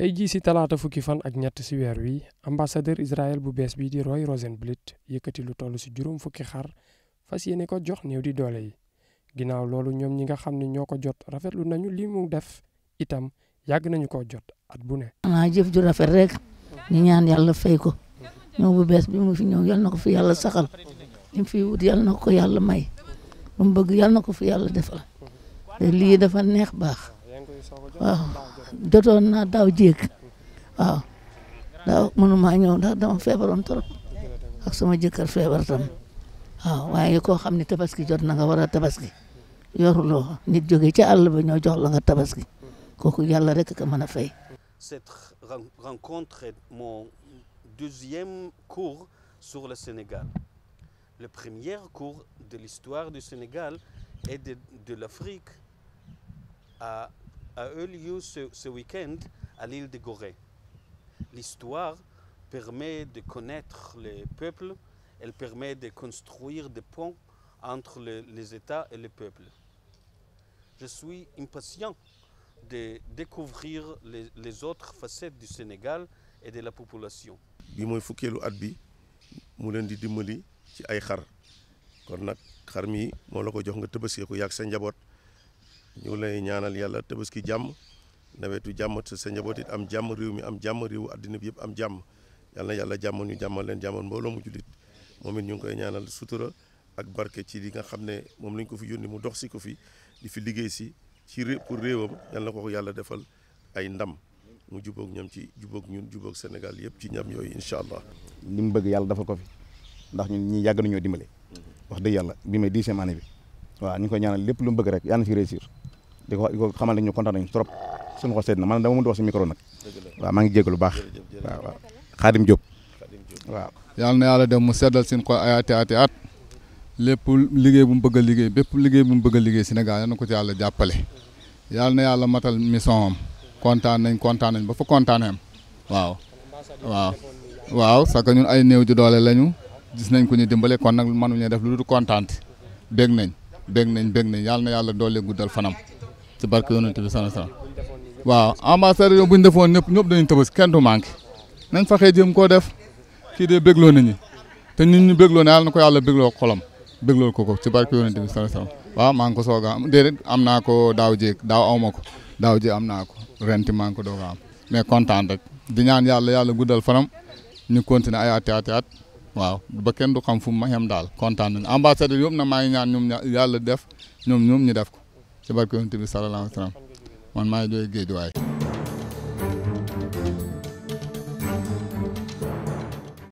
tey jii si talaata fukki fan ak ñett si weer wi ambassadeur Israël bu bees bi di Roy Rosenblit yëkkati lu toll si juróom fukki xar fas yéene ko jox néew di doole yi ginnaaw loolu ñoom ñi nga xam ne ñoo ko jot rafetlu nañu lii mu def itam yàgg nañu ko jot at bu ne. xanaa jëf ju rafet rek ñu ñaan yàlla fay ko ñëw bu bees bi mu fi ñëw yal na ko fi yàlla saxal ñu fi wut yal na ko yàlla may lu mu bëgg yal na ko fi yàlla defal lii dafa neex baax. waaw ah, jotoon naa daaw jéeg waaw daaw mënumaa ñëw ndax feebaroon trop ak sama jëkkër feebar tam waaye koo xam ne tabaski jot na nga war a tabaski yoruloo nit jóge ci àll ba ñoo jox la tabaski kooku yàlla rek ka mën a fay. Cette rencontre est mon sur le Sénégal. Le premier cours de l'histoire du Sénégal et de, l'Afrique a eu lieu ce, ce week-end à l'île de Gorée. L'histoire permet de connaître les peuples, elle permet de construire des ponts entre les, les États et les peuples. Je suis impatient de découvrir les, les autres facettes du Sénégal et de la population. bi mooy fukkeelu at bi mu leen di dimbali ci ay xar kon nag xar mi moo la ko jox nga tëbasee ko yàgg sa njaboot ñu lay ñaanal yàlla tabaski jàmm nawetu jàmm te sa njaboot am jàmm réew mi am jàmm réewu àddina bi yëpp am jàmm yal yàlla jàmmal ñu jàmmal leen jàmmal mbooloo mu jullit moom it ñu ngi koy ñaanal sutura ak barke ci li nga xam ne moom lañ ko fi yónni mu dox si ko fi di fi liggéey si ci pour réewam yal yàlla defal ay ndam mu jubóog ñoom ci jubóog ñun jubook Sénégal yëpp ci ñam yooyu incha allah. li mu bëgg yàlla defal ko fi ndax ñun ñu yàgg nañoo dimbale. Mm-hmm. wax dëgg yàlla bi may dixième année bi waaw ñu ngi koy ñaanal lépp lu mu bëgg rek yàlla na si réussir. di ko di ko xamal ne ñu kontaan nañu trop suñu xol seet na man dama mënut wax si micro nag waaw maa ngi jégalu baax waaw waaw Xaadim Diop waaw. yàlla na yàlla dem mu seddal seen ko ay ati ati lépp liggéey bu mu bëgg liggéey bépp liggéey bu mu bëgg liggéey Sénégal yal na ko ci yàlla jàppale yàlla na yàlla matal mission am kontaan nañ kontaan nañ ba fa kontaanee am waaw. waaw waaw ñun ay néew ji doole lañu gis nañ ko ñu dimbale kon nag mënuñu def lu dul kontaan bég nañ bég nañ bég nañ yàlla na yàlla doole guddal fanam. ci barke yonent bi sallallahu alayhi waaw ambassadeur yooyu bu ñu defoon ñëpp ñëpp dañuy tëbës kenn du manqué nañ faxee jëm koo def kii dee bégloo nañu te nit ñu bégloo ne yàlla na ko yàlla bégloo xolam béglool ko ko ci barke yonent bi sallallahu alayhi waaw maa ngi ko soog a am déedéet am naa ko daaw jéeg daaw aw ma ko daaw jéeg am naa ko renti maa ngi a am mais kontaan rek di ñaan yàlla yàlla guddal fanam ñu continuer ay ati ati at waaw ba kenn du xam fu mu ma yem daal kontaan nañu ambassadeur yëpp na maa ngi ñaan ñoom yàlla def ñoom ñoom ñu def ko ci barke yonent bi sallallahu alayhi wa sallam man maa ngi jógee Géejawaay